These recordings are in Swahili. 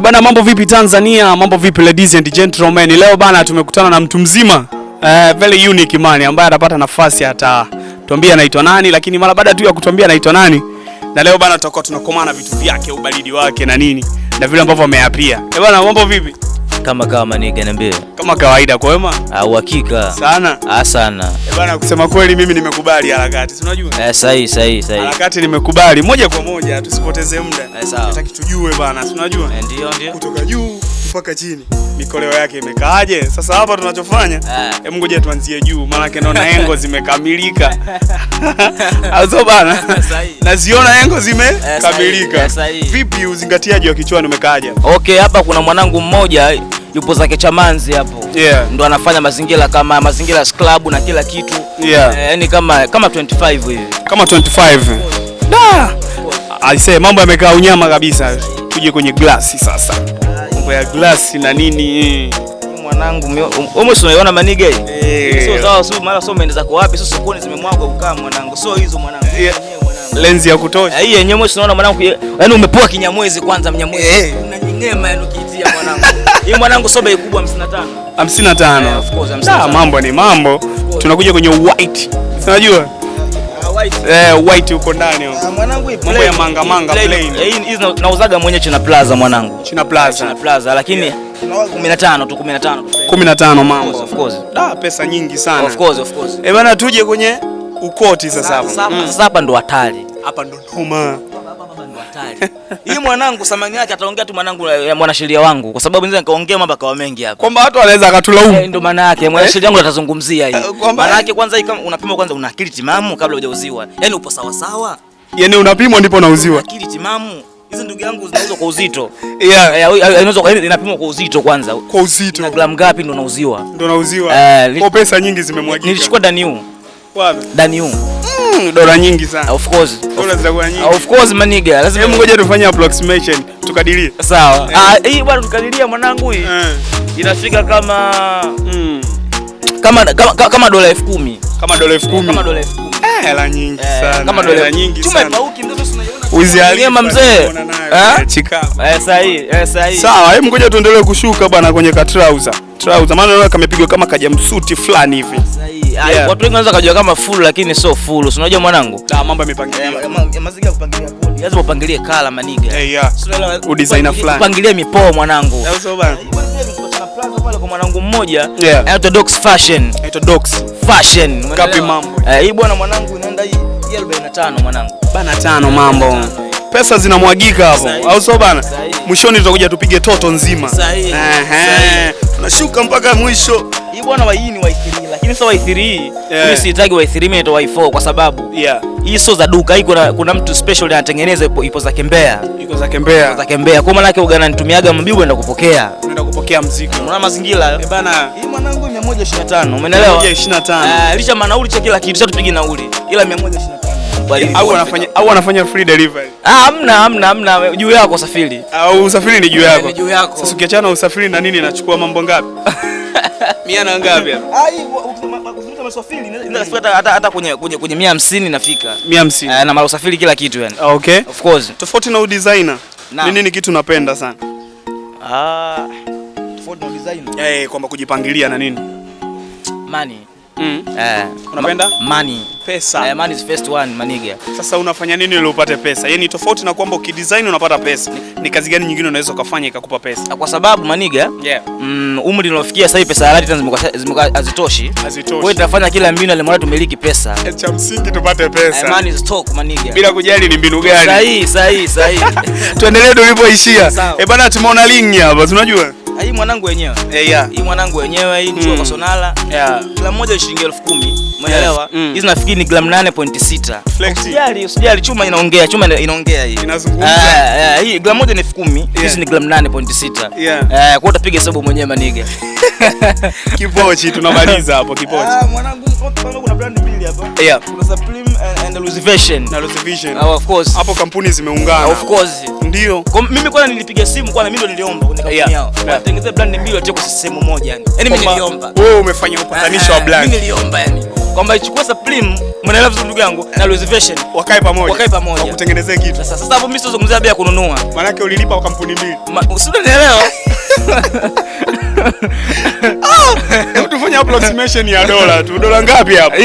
E bana, mambo vipi Tanzania? Mambo vipi ladies and gentlemen? Leo bana tumekutana na mtu mzima eh, very unique man ambaye atapata nafasi atatuambia anaitwa nani, lakini mara baada tu ya kutuambia anaitwa nani, na leo bana tutakuwa tunakomana vitu vyake, ubaridi wake na nini na vile ambavyo ameyapia. E eh, bana, mambo vipi? Kama kama nige niambie. Kama kawaida kwa wema? Ah, uhakika. Sana. Ah, sana. Eh, bana kusema kweli mimi nimekubali harakati. Si unajua? Eh, sahi sahi sahi. Harakati nimekubali moja kwa moja tusipoteze muda. Eh, sawa. Nataka tujue bana, si unajua? Eh, ndio ndio. Kutoka juu mpaka chini. Mikoleo yake imekaaje? Sasa hapa tunachofanya, eh. hebu ngoja tuanzie juu, maanake naona engo zimekamilika. Azo bana. Naziona engo eh, zimekamilika. Eh, Vipi uzingatiaji wa kichwani umekaaje? Okay, hapa kuna mwanangu mmoja yupo zake Chamanzi hapo yeah. Ndo anafanya mazingira kama mazingira club na kila kitu yeah. e, Yani kama kama 25 hivi kama 25 da aisee, mambo yamekaa unyama kabisa. Tuje kwenye glasi sasa, mambo ya glasi na nini mwanangu umeiona maniga hii? Hey. Sio sawa, sio mara sio umeendeza kwa wapi? Sio sokoni zimemwagwa ukaa mwanangu. Sio hizo mwanangu. Yeah. Lenzi ya kutosha. Eh, hii yenyewe unaona mwanangu, yaani umepoa kinyamwezi kwanza mnyamwezi. Hey. Unanyengema yaani ukiitia mwanangu. Hii mwanangu sobe kubwa 55. 55. Eh, of course 55. Mambo ni mambo. Tunakuja kwenye white. Unajua? Ah, white. Eh, white uko ndani huko. Ah, mwanangu hii ipo. Mambo ya manga manga plain. Hii nauzaga mwenye China Plaza mwanangu. China Plaza. China Plaza lakini 15 tu 15 tu. 15 mambo. Of course. Da ah, pesa nyingi sana. Of course, of course. Eh, bana tuje kwenye ukoti sasa hapa. Sasa hapa ndo hatari hapa ndo noma. Hii mwanangu samani yake ataongea tu mwanangu, eh, ya mwanasheria wangu, kwa sababu nzi nikaongea mambo kwa mengi hapa, kwamba watu wanaweza akatulaumu. Eh, ndio maana yake mwanasheria wangu atazungumzia hii. Eh, maana yake kwanza hii kama unapima kwanza, una akili timamu kabla hujauziwa, yaani upo sawa sawa, yaani unapimwa ndipo unauziwa. Akili timamu hizi ndugu yangu zinauzwa kwa uzito, Yeah. Eh, Inauzwa inapimwa kwa uzito kwanza, kwa uzito na gramu ngapi ndo nauziwa, ndo nauziwa. Kwa pesa nyingi zimemwagika. Nilichukua Daniu, Daniu Mm, dola nyingi sana. Of course. Dola zitakuwa nyingi. Of course maniga. Lazima hebu ngoja tufanye approximation, tukadirie. Sawa. Eh. Ah, hii bwana tukadiria mwanangu hii. Eh. Inafika kama mm, kama kama kama dola 10,000. Kama dola 10,000. Kama dola 10,000. Eh, hela nyingi eh, sana. Kama dola nyingi sana. Chuma pauki ndio sasa unaiona. Mzee. Eh, chika. Eh, sahihi. Eh, sahihi. Sawa, hebu ngoja tuendelee kushuka bwana kwenye katrouser trouser. Maana naona kamepigwa kama kaja msuti fulani hivi. Yeah. Watu wengi wanaweza kujua kama full lakini sio full. Unajua mwanangu? Ah, mambo yamepangilia. Eh, mazingira kupangilia kodi. Lazima upangilie kala maniga. Eh, yeah. U designer fulani. Upangilie mipoo mwanangu. Sio bana. Pale kwa mwanangu mmoja yeah. Dox Fashion. Anaitwa Fashion. Kapi mambo. Eh, hii bwana mwanangu inaenda hii 45 mwanangu. Bana tano mambo. Pesa zinamwagika hapo, au sio bana? Mwishoni tutakuja tupige toto nzima. Sahihi. Eh. Sahi tunashuka mpaka mwisho. Hii bwana wa hii ni wa 3 lakini sio wa 3. Mimi sihitaji wa 3, mimi wa 4 kwa sababu yeah. Hii sio za duka. Hii kuna, kuna mtu special anatengeneza ipo, ipo za Kembea. Iko za Kembea. Za Kembea. Kwa maana yake ugana nitumiaga mbibu naenda kupokea. Naenda kupokea mziki. Unaona mazingira? Eh, bana. Hii mwanangu 125. Umeelewa? 125. Ah, eh, licha manauli cha kila kitu, sasa tupige nauli. Ila 125 au anafanya free delivery? Ah, hamna hamna hamna, juu yako usafiri. Au usafiri ni juu yako? juu yako. Sasa ukiachana usafiri na nini, nachukua mambo ngapi? Mia na ngapi hapo? hata kwenye kwenye kwenye mia hamsini nafika. Mia hamsini. Eh, na mara usafiri kila kitu yani. Ah, okay. Of course. Tofauti na udesigner. Ni nini kitu napenda sana? Ah, tofauti na udesigner. Eh, kwamba kujipangilia na nini? Money. Mm. Eh. unapenda? Money. Pesa. Eh, money is first one, maniga. Sasa unafanya nini ili upate pesa? Yaani tofauti na kwamba ukidesign unapata pesa. Ni kazi gani nyingine unaweza ukafanya ikakupa pesa? Kwa sababu maniga, yeah. Mm, umri unaofikia sasa hivi pesa halali tena hazitoshi. Hazitoshi. Kwa hiyo tunafanya kila mbinu ile mradi tumiliki pesa. Eh, cha msingi tupate pesa. Eh, money is talk maniga. Bila kujali ni mbinu gani. Sahihi, sahihi, sahihi. Tuendelee tulipoishia. Eh, bana tumeona lingi hapa, tunajua hii mwanangu wenyewe eh, yeah. Hii mwanangu wenyewe hii mm. kwa Sonala yeah. Gramu moja shilingi elfu kumi umeelewa? Hizi yes. mm. nafikiri ni gramu 8.6. Usijali, usijali, chuma inaongea, chuma inaongea hii. Inazungumza. Ah, ah, hii gramu moja ni elfu kumi, hizi ni gramu 8.6. Eh, ah, kwa utapiga hesabu mwenyewe manige Kipochi tunamaliza hapo kipochi. Ah, mwanangu kuna brand mbili hapa. Yeah. Kuna Supreme and the Na Uh, of course. Hapo kampuni zimeungana. Uh, of course. Ndio. Kwa mimi kwanza nilipiga simu mimi ndo niliomba kwenye kampuni yao. Watengeneze brand mbili watie kwa sehemu moja yani. Yaani mimi niliomba. Wewe umefanya upatanisho wa brand. Mimi niliomba yani. Kwamba Supreme, vizuri ndugu yangu, na wakae pamoja. Wakae pamoja. Wakutengenezee kitu. Sasa sasa hapo mimi sizungumzia bei ya kununua. Maana yake ulilipa kampuni mbili. Usinielewa. Ah! Tufanye approximation ya dola tu. Dola ngapi hapa?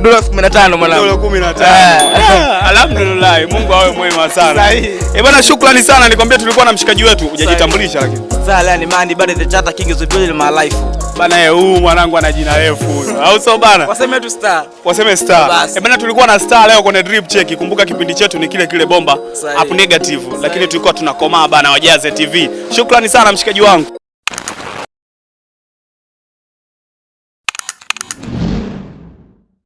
Dola 15 mwanangu. Dola 15. Eh. Ah, alhamdulillah, Mungu awe mwema sana. Eh, bwana shukrani sana. Nikwambia tulikuwa na mshikaji wetu, hujajitambulisha lakini. Sasa leo ni Mandi bado the chata king is build my life. Bana eh, huyu mwanangu ana jina refu Au sio bana? Waseme tu star. Waseme star. Eh, bwana tulikuwa na star leo kwenye drip check. Kumbuka kipindi chetu ni kile kile bomba up negative, lakini tulikuwa tunakomaa bana wajaze TV. Shukrani sana mshikaji wangu.